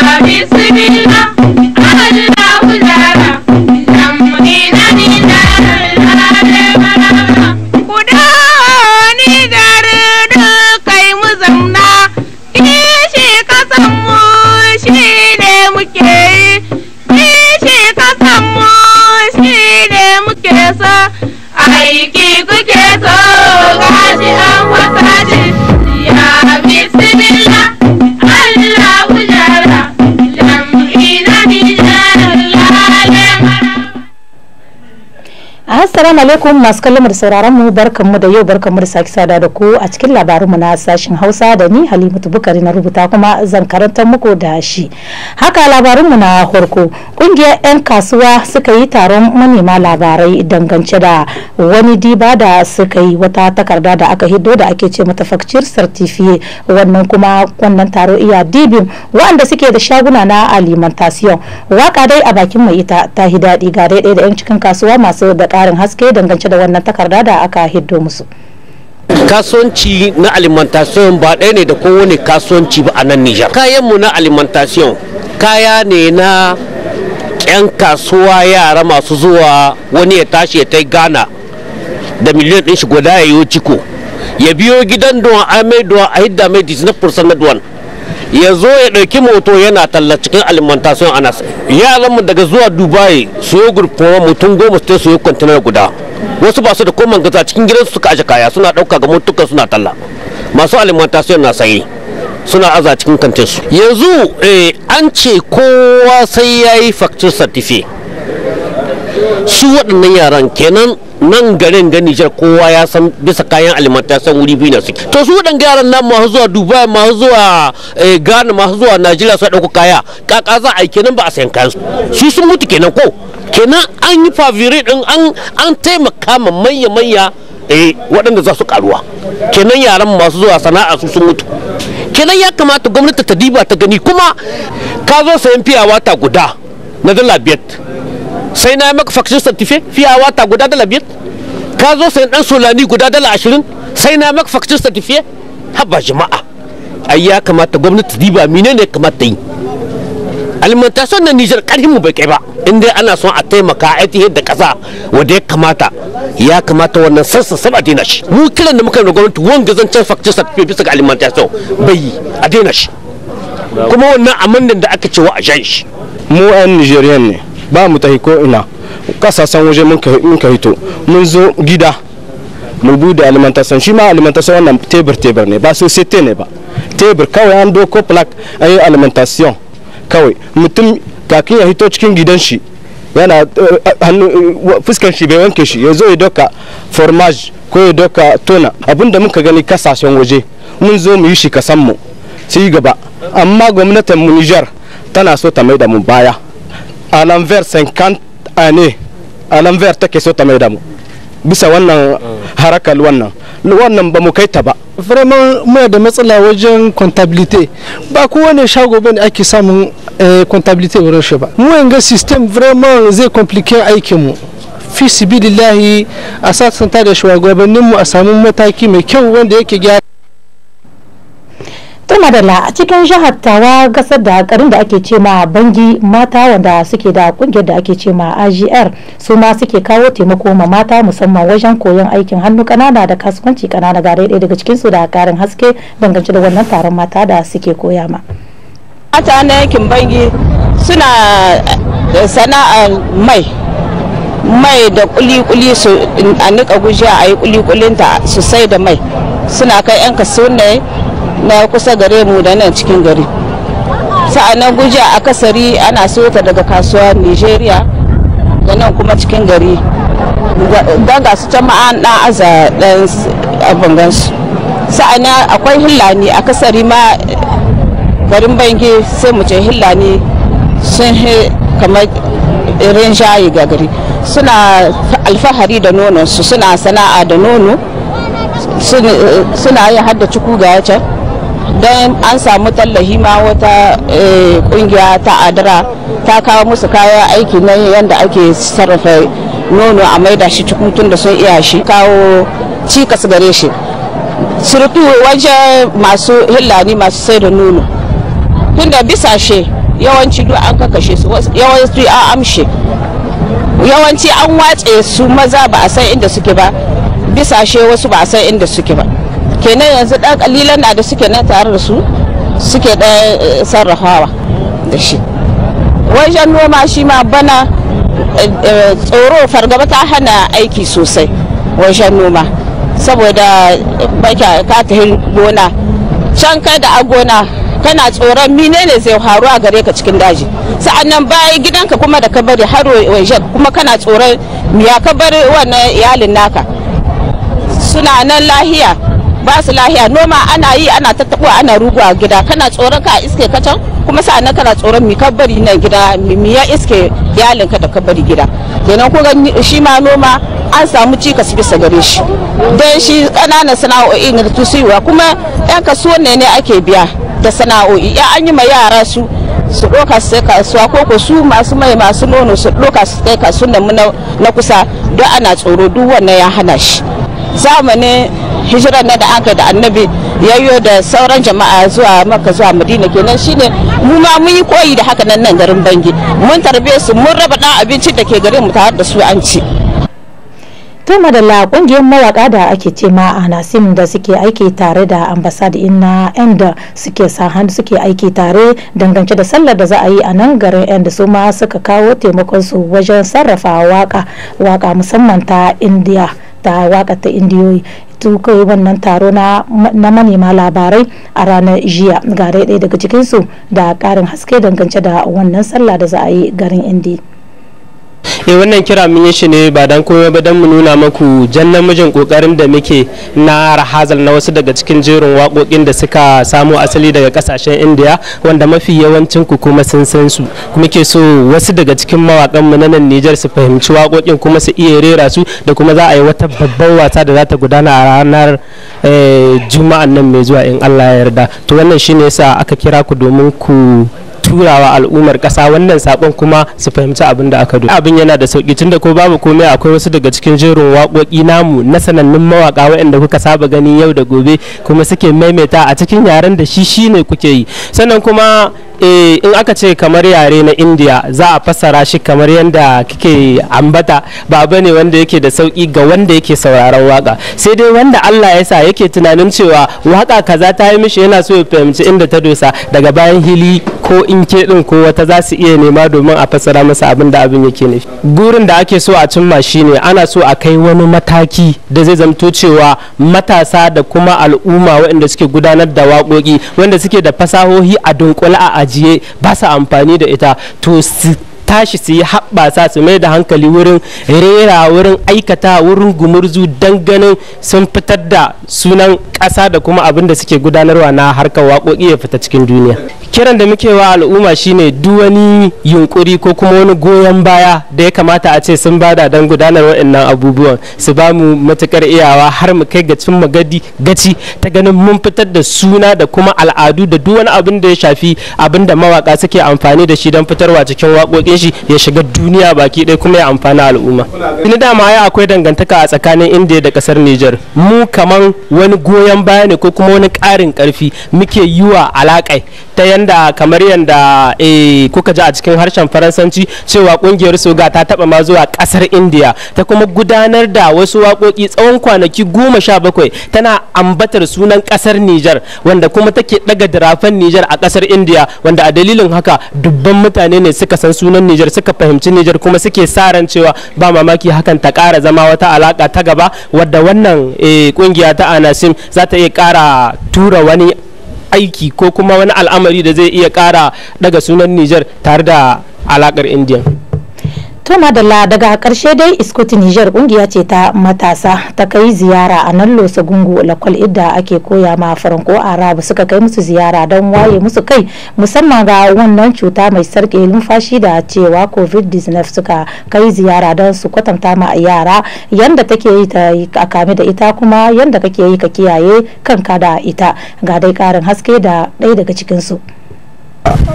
sleeping. Assalamu alaikum masu kallon da sauraron mu barkanmu da yau barkanmu da sake sada da ku a cikin mu na sashen Hausa da ni Halimatu Bukari na rubuta kuma zan karanta muku da shi. Haka labarin mu na farko kungiyar 'yan kasuwa suka yi taron manema labarai dangance da wani diba da suka yi wata takarda da aka hido da ake ce mata facture certifiye wannan kuma wannan taro iya dibin waɗanda suke da shaguna na alimentation waka dai a bakin mai ita ta hi daɗi ga daidai da 'yan cikin kasuwa masu da ƙarin haske dangance da wannan takarda da aka hiddo musu kasuwanci na alimentation ba ɗaya ne da kowane kasuwanci ba a nan nijar kayanmu na alimentation kaya ne na 'yan kasuwa yara masu zuwa wani ya tashi ya ta gana da miliyan ɗin shi guda ya yi ciko ya biyo gidan don amai don a hidda mai disney na duwan ya zo ya ɗauki moto yana talla cikin alimentation ana yaran mu daga zuwa dubai su yi mutum goma su su yi kwantinar guda wasu ba su da koman gaza cikin gidan su suka aje kaya suna ɗauka ga motuka suna talla masu alimentation na sayi suna aza cikin kantinsu yanzu eh, an ce kowa sai ya yi factor certificate su waɗannan yaran kenan nan garin ga Nijar kowa ya san bisa kayan alimanta san wuri biyu na suke to su waɗanda yaran nan masu zuwa Dubai masu zuwa eh, Ghana masu zuwa Najeriya su ɗauko kaya kaka za a yi kenan ba a sayan kayan su sun mutu kenan ko kenan an yi faviri ɗin an taimaka ma manya-manya eh waɗanda za su karuwa kenan yaran masu zuwa sana'a su sun mutu kenan ya kamata gwamnati ta diba ta gani kuma ka zo sayan fiya wata guda na dala biyar sai na maka faction certificate fiya wata guda dala biyar ka zo sayan dan solani guda dala ashirin sai na maka faction certificate haba jama'a ai ya kamata gwamnati diba menene kamata yi alimentation na Nijar karhin mu bai kai ba in ana son a taimaka a da kasa wanda ya kamata ya kamata wannan sassa saba daina shi mu kiran da muka da gwamnati wanga zancen factor certificate bisa ga alimentation bai yi a dena shi kuma wannan amandan da aka cewa a jan shi mu yan nigerian ne ba mu tahi ko ina san waje mun ka hito mun zo gida mu bude alimentation shi ma alimentation wannan tebur tebur ne ba sosai ne ba tebur kawai an doko plaque an yi alimentation kawai mutum kakin ya hito cikin gidan shi yana eh, eh, eh, fuskan shi bai wanke shi ya zo ya doka formage ko ya doka tona abinda muka gani kasashen waje mun zo mu yi shi kasan mu yi gaba amma gwamnatin mu Niger tana so ta maida mu baya a lanver 50 ane a lanver take so ta maida mu bisa wannan mm. harakal wannan wannan ba mu kai ta ba vraiment muna da matsala wajen contabilité ba kowane shago bane ake samun eh, contabilité wurin shi ba mu yanga system vraiment zai complique aikin mu fi sibilillahi a sasanta da shugabanninmu a samu mataki mai kyau wanda yake gyara turmadala a cikin jihar tawa gasar da garin da ake ce ma bangi mata wanda suke da kungiyar da ake ce ma agr su ma suke kawo taimako ma mata musamman wajen koyon aikin hannu kanana da kasuwanci kanana ga daidai daga cikin su da karin haske dangance da wannan taron mata da suke koya ma mata na yankin bangi suna sana'ar mai mai da kuli-kuli su a nika gujiya a yi kuli-kulinta su sai da mai suna kai 'yan kasuwan na kusa gare mu da nan cikin gari sa'annan guja a kasari ana sota daga kasuwa nigeria da nan kuma cikin gari don gasu can ma'an na aza dan abangansu sa'annan akwai hillani a kasari ma garin bangi sai mu ce hillani sun kamar irin shayi ga gari suna alfahari da su suna sana'a da nono suna yin hada cuku ga can don an samu tallahi ma wata eh, kungiya ta adara ta kawo musu kayan aiki na yadda ake sarrafa nono a maida shi cikin da sun iya shi kawo cikas gare shi surutu waje masu hillani masu sai da nono tunda bisa shi yawanci duk an kakashe su yawanci an amshe yawanci an watse su maza ba a san inda suke ba bisa shi wasu ba a san inda suke ba kenan yanzu ɗan ƙalilan da suke nan tare da su suke ɗan eh, sarrafawa da shi wajen noma shi ma bana eh, eh, tsoro fargaba ta hana aiki sosai wajen noma saboda baka ka ta gona can kai da a gona kana tsoron menene zai faru a gare ka cikin daji sa'annan bayi gidanka kuma da ka bari har wajen kuma kana tsoron ya ka bari wannan iyalin naka suna nan lahiya ba su lahiya noma ana yi ana tattaɓo ana rugu a gida kana tsoron ka iske kacan kuma sa na kana tsoron mi bari nan gida mi ya iske iyalinka da bari gida kenan ko shi ma noma an samu cikas bisa gare shi don shi ƙananan sana'o'i na tusiwa kuma yan kasuwa ne ne ake biya da sana'o'i ya an yi ma yara su su ɗoka su kai kasuwa ko ko su masu mai masu nono su ɗoka su kai kasuwa na kusa don ana tsoro duk wannan ya hana shi zamanin hijirar na da aka da annabi yayyo da sauran jama'a zuwa maka zuwa madina kenan shine mu ma mun yi koyi da haka nan nan garin bangi mun tarbe su mun raba dan abinci da ke garin mu tare da su an ci to madalla kungiyar mawaka da ake ce ma a nasim da suke aiki tare da ambasada ina yan da suke sa hannu suke aiki tare dangance da sallar da za a yi a nan garin yan da su ma suka kawo taimakon su wajen sarrafa waka waka musamman ta indiya ta wakata indiyoyi tu kai wannan taro na manema labarai a ranar jiya ga ɗaya daga cikinsu da karin haske dangance da wannan sallah da za a yi garin indi e wannan kira mun yi shi ne ba dan komai ba dan mu nuna maku jan namijin kokarin da muke na rahazal na wasu daga cikin jerin wakokin da suka samo asali daga kasashen indiya wanda mafi yawancin ku kuma sun san su kuma ke so wasu daga cikin mawakan mu na nan Nijar su fahimci waƙoƙin kuma su iya rera su da kuma za a yi wata babban wasa da za ta gudana a ranar eh, juma'an nan mai zuwa in Allah ya yarda to wannan shine yasa aka kira ku domin ku turawa al'ummar kasa wannan sakon kuma su fahimci abin da aka do abin yana da sauki tunda ko babu komai akwai wasu daga cikin jerin wakoki namu na sanannun mawaka waɗanda kuka saba gani yau da gobe kuma suke maimaita a cikin yaren da shi shi ne kuke yi sannan kuma eh, in aka ce kamar yare na indiya za a fassara shi kamar yadda kike ambata ba ne wanda yake da sauki ga wanda yake sauraron waka sai dai wanda allah ya sa yake tunanin cewa waka kaza ta yi mishi yana so ya fahimci inda ta dosa daga bayan hili ko in ke din ko wata za su iya nema domin a fassara masa abin da abin yake nufi gurin da ake so a cimma shine ana so a kai wani mataki da zai zamto cewa matasa da kuma al'umma waɗanda suke gudanar da waƙoƙi wanda suke da fasahohi a dunkula a ajiye ba su amfani da ita to tashi su yi haɓasa su mai da hankali wurin rera wurin aikata wurin gumurzu don ganin sun fitar da sunan ƙasa da kuma abin da suke gudanarwa na harkar waƙoƙi ya fita cikin duniya kiran da muke wa al'umma shine duk wani yunkuri ko kuma wani goyon baya da ya kamata a ce sun bada don gudanar waɗannan abubuwan su ba mu matukar iyawa har mu kai gacin magadi gaci ta ganin mun fitar da suna da kuma al'adu da duk wani abin da ya shafi abin da mawaka suke amfani da shi don fitarwa cikin waƙoƙin shi ya shiga duniya baki ɗaya kuma ya amfana al'umma ni dama ya akwai dangantaka a tsakanin indiya da kasar niger mu kaman wani goyon baya ne ko kuma wani ƙarin ƙarfi muke yiwa wa alaƙai ta yanda kamar yanda eh, kuka ji a cikin harshen faransanci cewa kungiyar soga ta taba ma zuwa kasar india ta kuma gudanar da wasu waƙoƙi tsawon kwanaki goma sha bakwai tana ambatar sunan kasar nijar wanda kuma take daga dirafan nijar a kasar india wanda a dalilin haka dubban mutane ne suka san sunan nijar suka fahimci nijar kuma suke sa ran cewa ba mamaki hakan ta ƙara zama wata alaka ta gaba wadda wannan kungiya eh, ta anasim za ta iya ƙara tura wani aiki ko kuma wani al'amari da zai iya kara daga sunan Nijar tare da alakar indiya to madalla daga karshe dai iskoti niger kungiya ce ta matasa ta kai ziyara a nan losa gungu lakwal idda ake koya ma faranko arabu suka kai musu ziyara don waye musu kai musamman ga wannan cuta mai sarke numfashi da cewa covid-19 suka kai ziyara don su kwatanta ma yara yanda take yi ta a kame da ita kuma yanda kake yi ka kiyaye kanka da ita ga dai karin haske da ɗaya daga cikinsu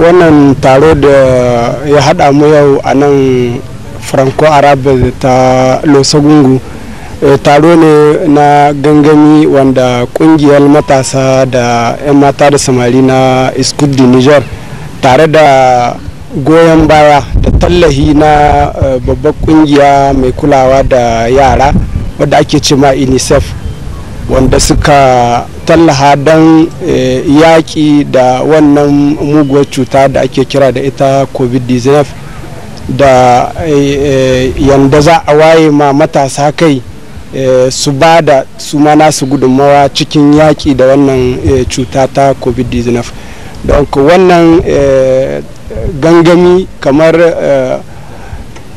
wannan taro da ya haɗa mu yau a nan franco-arabe ta losagungu eh, taro ne na gangami wanda kungiyar matasa da 'yan mata da samari na iskudi niger tare da goyon baya da tallahi na eh, babbar kungiya mai kulawa da yara wadda ake ce ma unicef wanda suka tallaha don eh, yaƙi da wannan muguwar cuta da ake kira da ita covid-19 da eh, eh, yanda za a waye ma matasa kai eh, su ba da su ma nasu gudunmawa cikin yaƙi da wannan cuta ta covid-19 don wannan gangami kamar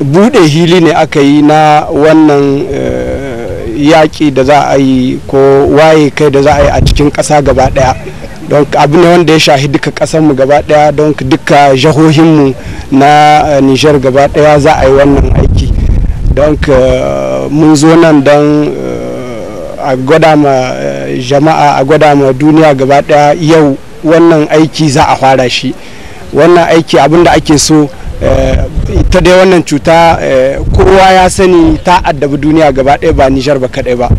bude hili ne aka yi na wannan yaƙi da za a yi ko waye kai da za a yi a cikin ƙasa gaba ɗaya don abu ne wanda ya shahi duka ƙasarmu gaba ɗaya don duka jahohinmu na eh, Niger gaba ɗaya za a yi wannan aiki don eh, mun zo nan don eh, a gwada ma jama'a a gwada ma duniya gaba ɗaya yau wannan aiki za a fara shi wannan aiki abin da ake so Eh, ita dai wannan cuta eh, kowa ya sani ta addabi duniya gaba ɗaya ba nijar ba kaɗai ba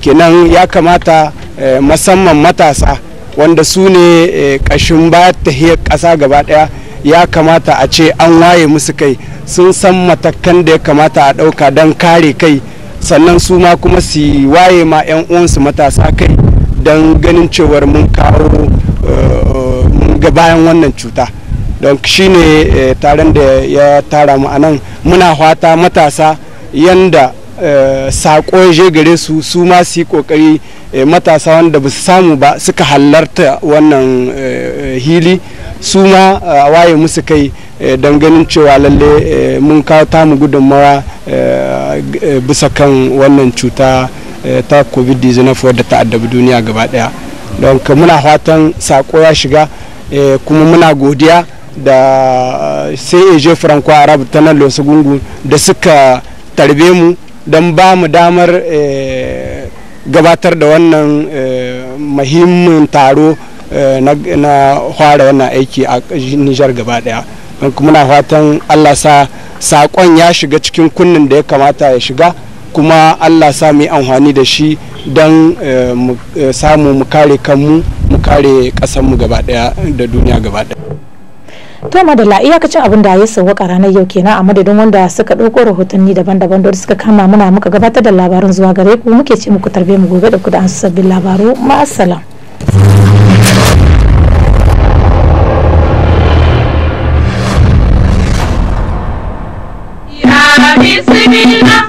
kenan ya kamata eh, musamman matasa wanda su ne ƙashin bayan tahiyar ƙasa gaba ɗaya ya kamata a ce an waye musu kai sun san matakan da ya kamata a ɗauka don kare kai sannan su ma kuma su waye ma 'yan uwansu matasa kai don ganin cewar mun kawo ga bayan wannan cuta. don ne eh, taron da ya tara mu anan muna fata matasa yanda eh, sako je gare su su ma su yi kokari eh, matasa wanda ba su samu ba suka halarta wannan hili su ma waye musu kai don ganin cewa lalle mun kawo tamu gudunmawa bisa kan wannan cuta ta covid-19 wadda ta addabi duniya gaba daya don muna fatan sako ya shiga kuma muna godiya da sai franco arab ta nan losu gungu da suka tarbe mu dan ba mu damar eh, gabatar da wannan eh, muhimmin taro eh, na fara wannan aiki a nijar gaba daya muna fatan allah sa saƙon ya shiga cikin kunnin da ya kamata ya shiga kuma allah sa mu yi amfani da shi don samu mu kare kanmu mu kare kasanmu gaba daya da duniya gaba daya to madalla iyakacin abin da ya sauwaka ranar yau kenan a madadin wanda suka ɗauko rahotanni daban-daban da suka kama muna muka gabatar da labarin zuwa gare ku muke ce muku tarbe mu gobe da ku da an sabbin labaru ma'assalam Bismillah